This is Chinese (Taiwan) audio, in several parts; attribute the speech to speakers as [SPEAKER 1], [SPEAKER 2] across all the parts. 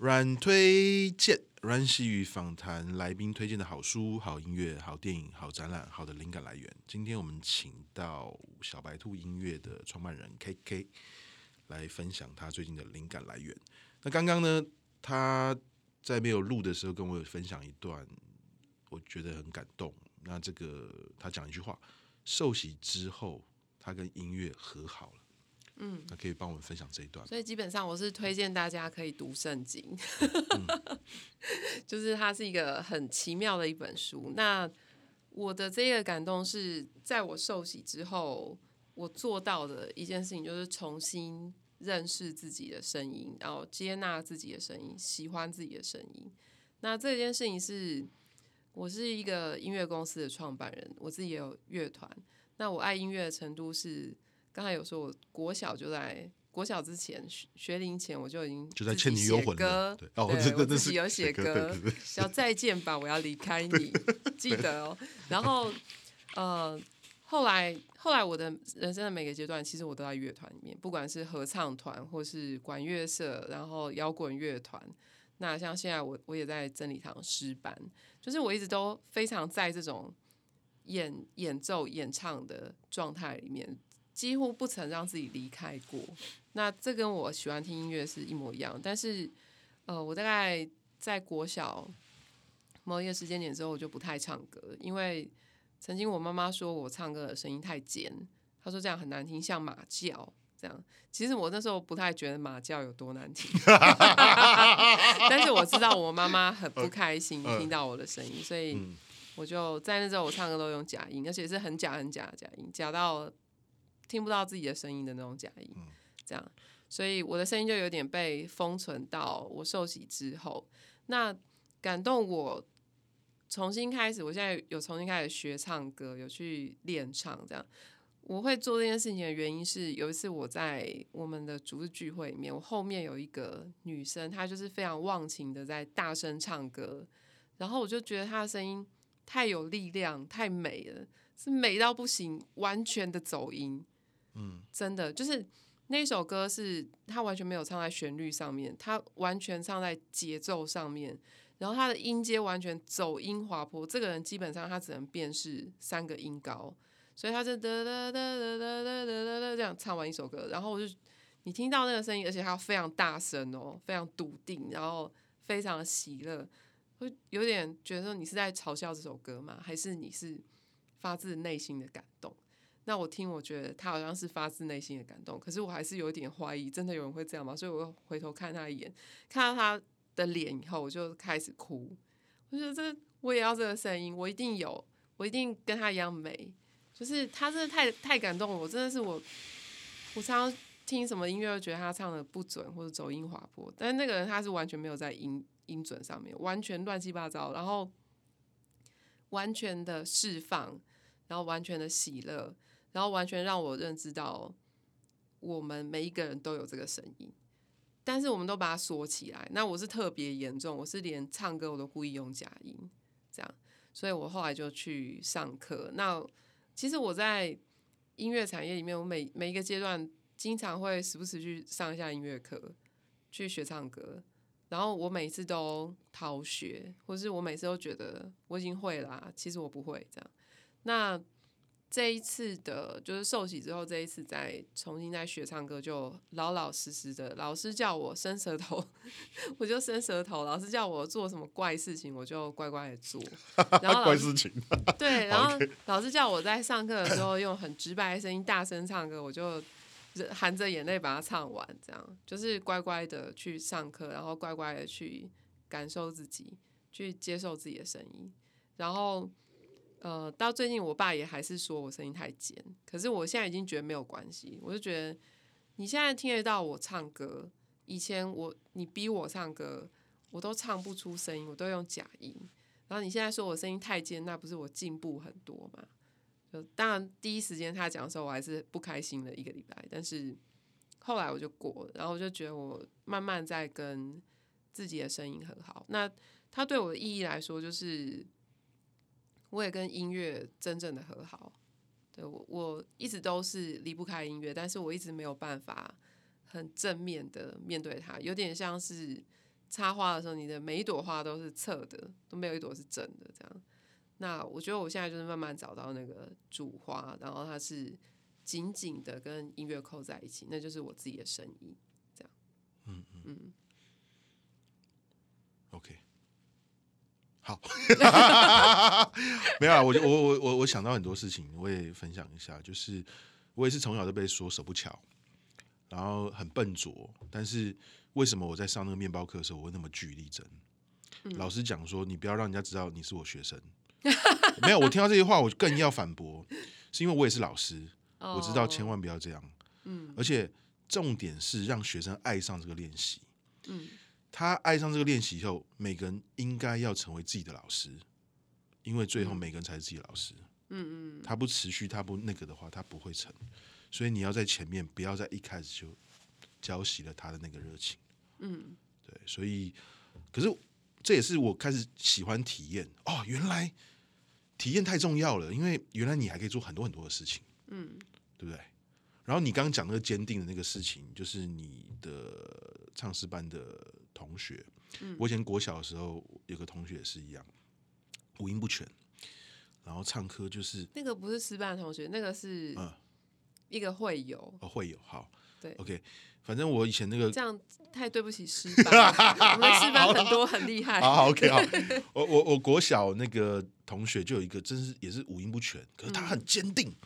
[SPEAKER 1] 阮推薦，阮是與訪談來賓推薦的好書、好音樂、好電影、好展覽、好的靈感來源。今天我們請到小白兔音樂的創辦人 KK 來分享他最近的靈感來源。那剛剛呢，他在沒有錄的時候跟我有分享一段，我覺得很感動。那這個他講一句話：受洗之後，他跟音樂和好了。嗯，那可以幫我們分享這一段。所
[SPEAKER 2] 以基本上，我是推薦大家可以讀聖經，嗯、 就是它是一個很奇妙的一本書。那我的這個感動是在我受洗之後，我做到的一件事情就是重新認識自己的聲音，然後接納自己的聲音，喜歡自己的聲音。那這件事情是，我是一個音樂公司的創辦人，我自己也有樂團。那我愛音樂的程度是。剛才有說，我國小就在國小之前學，學齡前，我就已經歌就在倩女幽魂了。對，啊、哦，我自己有寫歌，要再見吧，我要離開你，記得哦。然後，呃，後來後來我的人生的每個階段，其實我都在樂團裡面，不管是合唱團或是管樂社，然後搖滾樂團。那像現在我我也在真理堂詩班，就是我一直都非常在這種演演奏、演唱的狀態裡面。幾乎不曾讓自己離開過。那這跟我喜歡聽音樂是一模一樣。但是，呃，我大概在國小某一個時間點之後，我就不太唱歌了，因為曾經我媽媽說我唱歌的聲音太尖，她說這樣很難聽，像馬叫這樣。其實我那時候不太覺得馬叫有多難聽，
[SPEAKER 1] 但是我
[SPEAKER 2] 知道我媽媽很不開心聽到我的聲音，所以我就在那時候，我唱歌都用假音，而且是很假很假的假音，假到，聽不到自己的聲音的那種假音，這樣，所以我的聲音就有點被封存到我受洗之後。那感動我重新開始，我現在有重新開始學唱歌，有去練唱。這樣，我會做這件事情的原因是，有一次我在我們的組織聚會裡面，我後面有一個女生，她就是非常忘情的在大聲唱歌，然後我就覺得她的聲音太有力量，太美了，是美到不行，完全的走音。嗯，真的就是那首歌是他完全沒有唱在旋律上面，他完全唱在節奏上面，然後他的音階完全走音滑坡。這個人基本上他只能辨識三個音高，所以他就噠噠噠噠噠噠噠這樣唱完一首歌。然後我就你聽到那個聲音，而且他非常大聲哦，非常篤定，然後非常的喜樂，就有點覺得說你是在嘲笑這首歌嗎？還是你是發自內心的感動？那我聽，我覺得他好像是發自內心的感動，可是我還是有一點懷疑，真的有人會這樣嗎？所以我回頭看他一眼，看到他的臉以後，我就開始哭。我覺得這我也要這個聲音，我一定有，我一定跟他一樣美。就是他真的太太感動了，我真的是我，我常常聽什麼音樂都覺得他唱的不準或者走音滑坡，但是那個人他是完全沒有在音音準上面，完全亂七八糟，然後完全的釋放，然後完全的喜樂。然後完全讓我認知到，我們每一個人都有這個聲音，但是我們都把它鎖起來。那我是特別嚴重，我是連唱歌我都故意用假音，這樣。所以我後來就去上課。那其實我在音樂產業裡面，我每每一個階段經常會時不時去上一下音樂課，去學唱歌。然後我每次都逃學，或是我每次都覺得我已經會啦、啊，其實我不會這樣。那。這一次的，就是受洗之後，這一次再重新再學唱歌，就老老實實的。老師叫我伸舌頭， 我就伸舌頭；老師叫我做什麼怪事情，我就乖乖的做。 然後怪事情。對，然後老師叫我在上課的時候、okay、用很直白的聲音大聲唱歌，我就含着眼淚把它唱完，這樣就是乖乖的去上課，然後乖乖的去感受自己，去接受自己的聲音，然後。呃，到最近我爸也還是說我聲音太尖，可是我現在已經覺得沒有關係。我就覺得你現在聽得到我唱歌，以前我你逼我唱歌，我都唱不出聲音，我都用假音。然後你現在說我聲音太尖，那不是我進步很多嗎？就當然第一時間他講的時候，我還是不開心了一個禮拜，但是後來我就過了，然後我就覺得我慢慢在跟自己的聲音和好。那他對我的意義來說，就是。我也跟音樂真正的和好，對，我、我一直都是離不開音樂，但是我一直沒有辦法很正面的面對它，有點像是插花的時候，你的每一朵花都是側的，都沒有一朵是正的這樣。那我覺得我現在就是慢慢找到那個主花，然後它是緊緊的跟音樂扣在一起，那就是我自己的聲音，這樣，
[SPEAKER 1] 嗯嗯。嗯 沒有啊，我我我我我想到很多事情，我也分享一下。就是我也是從小就被說手不巧，然後很笨拙。但是為什麼我在上那個麵包課的時候，我會那麼據理力爭？嗯、老師講說，你不要讓人家知道你是我學生。沒有，我聽到這些話，我更要反駁，是因為我也是老師。哦、我知道千萬不要這樣。嗯、而且重點是讓學生愛上這個練習。嗯他愛上這個練習以後，每個人應該要成為自己的老師，因為最後每個人才是自己的老師。嗯嗯，他不持續，他不那個的話，他不會成。所以你要在前面，不要在一開始就澆熄了他的那個熱情。嗯，對。所以，可是這也是我開始喜歡體驗哦，原來體驗太重要了，因為原來你還可以做很多很多的事情。嗯，對不對？然後你剛剛講那個堅定的那個事情，就是你的唱詩班的。同學，我以前國小的時候有個同學也是一樣，五音不全，然後唱歌就是
[SPEAKER 2] 那個不是師範同學，那個是
[SPEAKER 1] 一
[SPEAKER 2] 個會友、嗯、哦，
[SPEAKER 1] 會友好對，OK，反正我以前那個這
[SPEAKER 2] 樣太對不起師範， 我們師範很多很厲害好 OK 好，好
[SPEAKER 1] 我我我國小那個同學就有一個真是也是五音不全，可是他很堅定，嗯、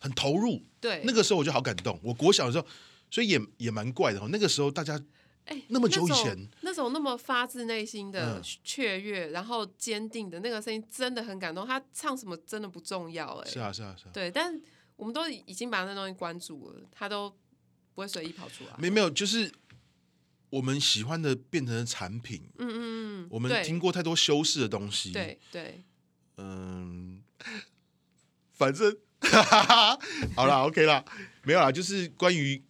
[SPEAKER 1] 很投入，對，那個時候我就好感動，我國小的時候，所以也也蠻怪的哈，那個時候大家。
[SPEAKER 2] 哎，欸、那麼久以前那，那種那麼發自內心的雀躍，嗯、然後堅定的那個聲音真的很感動。他唱什麼真的不重要。欸，哎、啊，是啊是啊是。對，但我們都已經把那東西關住了，他都不會隨意跑出來。沒沒有，就是
[SPEAKER 1] 我們喜歡的變成的產品。嗯嗯嗯。我們聽過太多修飾的東西。對對。對嗯，反正 好了，OK 了，沒有了，就是關於。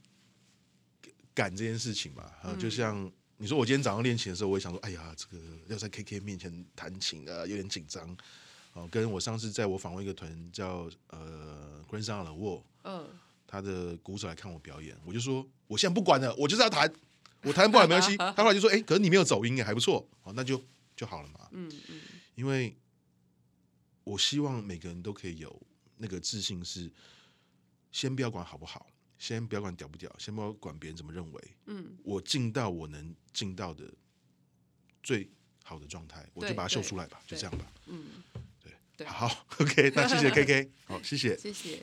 [SPEAKER 1] 趕這件事情嘛、嗯啊，就像你說，我今天早上練琴的時候，我也想說，哎呀，這個要在 KK 面前彈琴啊，有點緊張。哦、啊，跟我上次在我訪問一個團叫呃 Grand Central Wall 他的鼓手來看我表演，我就說我現在不管了，我就是要彈，我彈不好沒關係。 他後來就說，哎、欸，可是你沒有走音也還不錯，哦、啊，那就就好了嘛。嗯嗯，因為我希望每個人都可以有那個自信，是先不要管好不好。先不要管屌不屌，先不要管別人怎麼認為。嗯，我尽到我能尽到的最好的狀態，對我就把它秀出來吧，對就這樣吧。對就這樣吧嗯，對，對，好，OK，那謝謝 KK， 好，謝謝，謝謝。